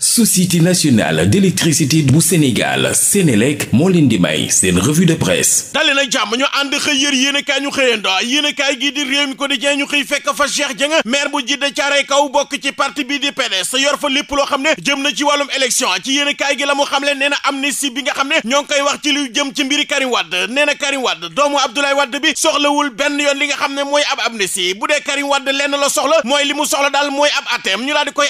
société nationale d'électricité bu Sénégal Sénélec moo leen di may seen revue de presse dali jàmm ñu ànd xëy yër yéen i kaay ñu xëyando yéen i kaay gii di réew mi quotidien ñu xëy fekk fa Cheikh Dieng maire bu jidde caaray kaw bokk ci parti bii di PDS yor fa lépp loo xam ne jëm na ci wàllum élection ci yéen i gi la mu xam le nee na amnistie bi nga xam ne ñoo ngi koy wax ci lu jëm ci mbiri Karim Wade nee na Karim Wade doomu Abdoulaye Wade bi soxlawul li nga xam ne mooy ab amnistie bu dee Karim Wade lenn mooy li mu soxla daal mooy ab atteem ñu laa di koy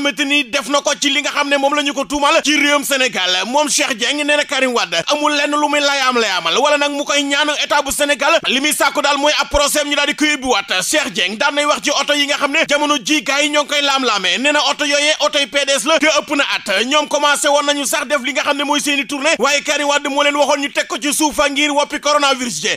xamante ni def na ko ci li nga xam ne moom la ñu ko tuumal ci réewum Sénégal moom Cheikh Dieng nee lu muy layaam layaamal wala nag koy ñaan état bu Sénégal li muy sàkku daal daal di koy ubbiwaat Cheikh wax ci yi nga xam ne jamono ji gars yi ñoo ngi woon nañu sax def li xam ne moo leen waxoon ñu teg ko ci suufa ngir woppi coronavirus je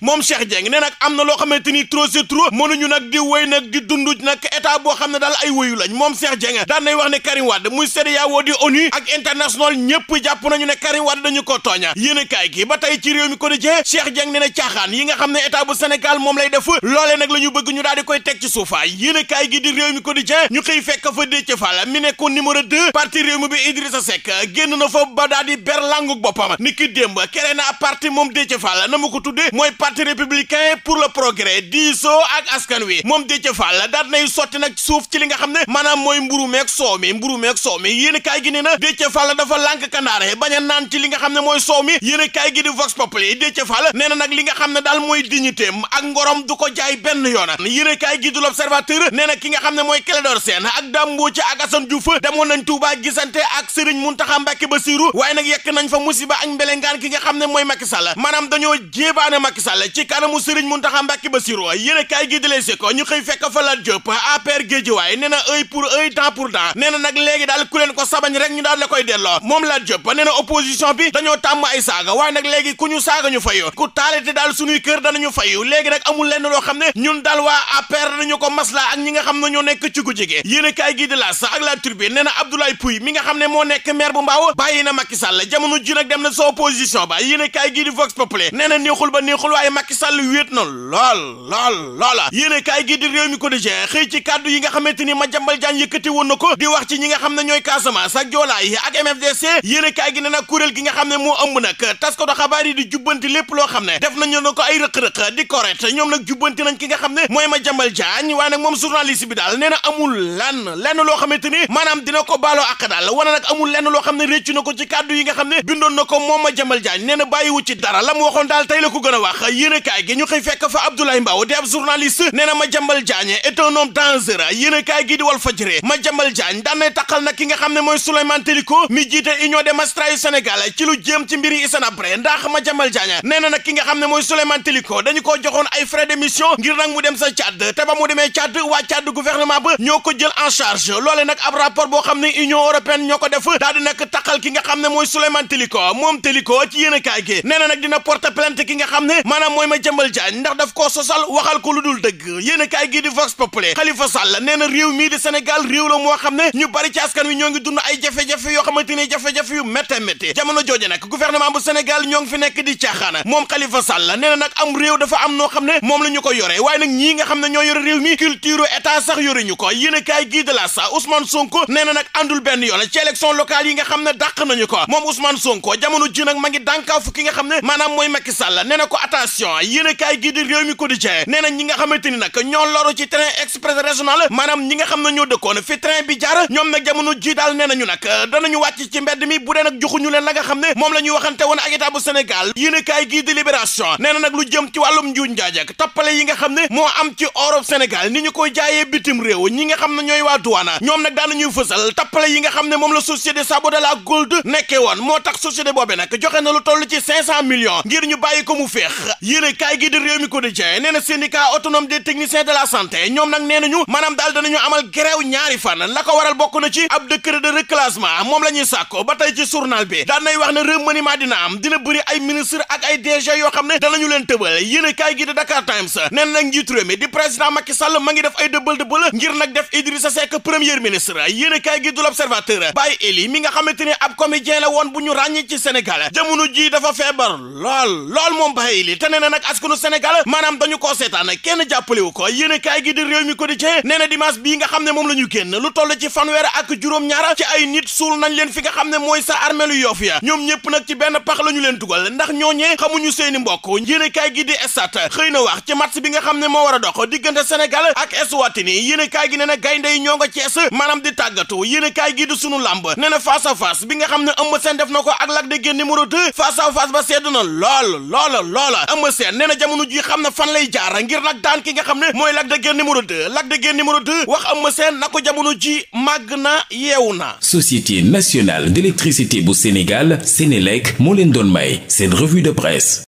am na loo xamante ni trop c'est trop mënuñu nag di wéy nag di dund nag état boo xam ne daal ay wéyu lañ moom Cheikh Dieng daan wax ne Karim Wade muy CEDEAO di ONU ak international ñëpp jàpp nañu ne Karim Wade dañu ko tooña yéen a gi ba tey ci réew mi quotidien Cheikh Dieng ne na caaxaan yi nga xam ne état bu Sénégal moom lay def loolee nag la ñu bëgg ñu daal di koy teg ci suufaay yéen a kaay gi di réew mi quotidien ñu xëy fekk fa Déthié Fall mi nekkoon numéro deux parti réew mi bi Idrissa Seck génn na fa ba daal di ber langug boppam ni ki démb kere na parti moom Déthié Fall na ma ko tuddee mooy parti républicain pour le progrès diisoo ak askan wi moom Déthié Fall daal nay sotti nag suuf ci li nga xam ne maanaam mooy mburu meek soow mi mburu meeg soow mi yéen kaay gi ne na Déthié Fall dafa lànk kandaare bañ a naan ci li nga xam ne mooy soow mi yéen kaay gi di Vox Populi Déthié Fall nee na nag li xam ne daal mooy dignité ak ngorom du ko jaay benn yoona yéen kaay gi du L'Observateur nee na ki nga xam ne mooy Clédor Sène ak Dame Mbodj ak Assane Diouf demoon nañ Touba gisante ak Serigne Mountakha Mbacké Bassirou waaye nag yekk nañ fa musiba ak mbelengaan ki nga xam ne mooy Macky Sall maanaam na nag léegi daal ku leen ko sabañ rek ñu daal la koy delloo moom Lat Diop nee na opposition bi dañoo tàmm ay saaga waaye nag léegi ku ñu saaga ñu fayu ku taalite daal suñuy kër danañu fayu léegi nag amul lenn loo xam ne ñun daal waa APR dañu ko masla ak ñi nga xam ne ñoo nekk ci gu jege yéen a kaay gi de la sa ak La Tribune nee na mi nga xam ne moo nekk maire bu Mbao bàyyi na Macky Sall jamono ji nag dem na sa opposition a kaay gi di Vox Populi nee na neexul ba neexul waaye Macky yi nga xamante ni ma jambal jaan yëkkati woon na ko wax ci ñi nga xam ne ñooy Casamance ak Joolaa yi ak MFDC yéen a kaay gi ne kuréel gi nga xam ne moo ëmb nag taskatu xabaar yi di jubbanti lépp loo xam ne def nañu ko ay rëq-rëq di correct ñoom nag jubbanti nañ ki nga xam ne mooy ma jambal jaañ waaye nag moom journaliste bi daal nee na amul lan lenn loo xamante ni maanaam dina ko baaloo àq daal wane nag amul lenn loo xam ne réccu na ko ci kàddu yi nga xam ne bindoon na ko moom ma jambal jaañ nee na bàyyiwu ci dara la mu waxoon daal tey la ko gën a wax yéen a kaay ñu xëy fekk fa Abdoulaye Mbaw di ab nee na ma jambal jaañ est un homme dangereux yéen a kaay gi di Walf Fadjri ma jambal jaañ daan nay taqal nag ki nga xam ne mooy Souleymane Téliko mi jiite union des magistrats yu ci lu jëm ci mbiri Hissène-Habré ndax Madiambal Diagne nee na nag ki nga xam ne mooy Souleymane Téliko dañu koo joxoon ay frais de mission ngir nag mu dem sa Tchad te ba mu demee Tchad waa Tchad gouvernement ba ñoo ko jël en charge loole nag ab rapport boo xam ne union européenne ñoo ko def daal di nag taqal ki nga xam ne mooy Souleymane Téliko moom Téliko ci yéen a kaay gi nee na dina porter plainte ki nga xam ne maanaam mooy Madiambal Diagne ndax daf koo sosal waxal ko lu dul dëgg yéen kaay gi di Vox Populi Khalifa Sall mii di Sénégal réew la moo xam ne ñu bari ci askan wi ñoo ngi dund ay jafe-jafe yoo xamante ni jafe-jafe yu métte métte jamono jooju nag gouvernement bu Sénégal ñoo ngi fi nekk di caaxaana moom Khalifa Sall nee nag am réew dafa am noo xam ne moom la ñu ko yoree waaye nag ñii nga xam ne ñoo yore réew mi culture état sax yore ñu ko yéen a kaay gii de la sa Ousmane ne dàq nañu ko moom Ousmane Sonko jamono ji nag ma ngi ki nga xam ne maanaam mooy Macky Sall nee na ko attention yéen a kaay gii di réew mi ko di nga xamante ni nag ñoo loru ci train ne ñoo ñoom nag jamono ji daal nee nañu nag euh, danañu wàcc ci mbedd mi bu dee nag joxuñu leen la nga xam ne moom la ñuy waxante woon ak état bu Sénégal yéen a kaay nee nag lu jëm ci wàllum njuuj njaaj tappale yi nga xam ne moo am ni ñu koy jaayee bitim ñi nga xam ne ñooy waa douane ñoom nag daanañuy fësal tappale yi nga xam ne moom la société Sabodala Gold nekkee woon moo tax société boobee nag joxe na lu toll ci cinq cent millions ngir ñu bàyyi ko mu feex yéen a kaay gii di réew mi quotidien nee na syndicat autonome des techniciens de la santé ñoom nag daal bokk na ci ab décret de reclassement moom la ñuy sàkko ba tey ci journal bi daan nay wax ne remaniement dina am dina bëri ay ministre ak ay DG yoo xam ne danañu leen tëbal yéen a kaay gi de Dakar Times na njiitu réew mi di président Macky Sall ma ngi def ay dëbbal dëbbal ngir nag def Idrissa Seck premier ministre yéen a kaay gi du l'Observateur Eli mi nga xamante ni ab comédien la woon bu ñu ràññee ci Sénégal jamono ji dafa feebar lool lool fanweer ak juróom-ñaar ci nañ leen fi nga xam ne mooy sa armeelu Yoff ñoom ñëpp nag ci benn pax la ñu leen dugal ndax ñooñee xamuñu seeni mbokk yéenekaay gi di Stades xëy na wax ci match bi nga xam ne moo war a dox diggante Sénégal ak Eswatini yéenekaay gi nee na gaynde yi ñoo nga Cees maanaam di tàggatu yéenekaay gi di sunu làmb nee na face à face bi nga xam ne Eumeu Sène def na ko ak Lac de Guiers numéro 2 face ba sedd na lool lool lool Eumeu Sène nee na jamono ji xam na fan lay jaar ngir nag daan ki nga xam ne mooy Lac de Guiers numéro 2 Lac wax Eumeu Sène na ko jamono ji màgg na yeewu na société nationale d'électricité bu Sénégal Sénélec moo leen doon may seen revue de presse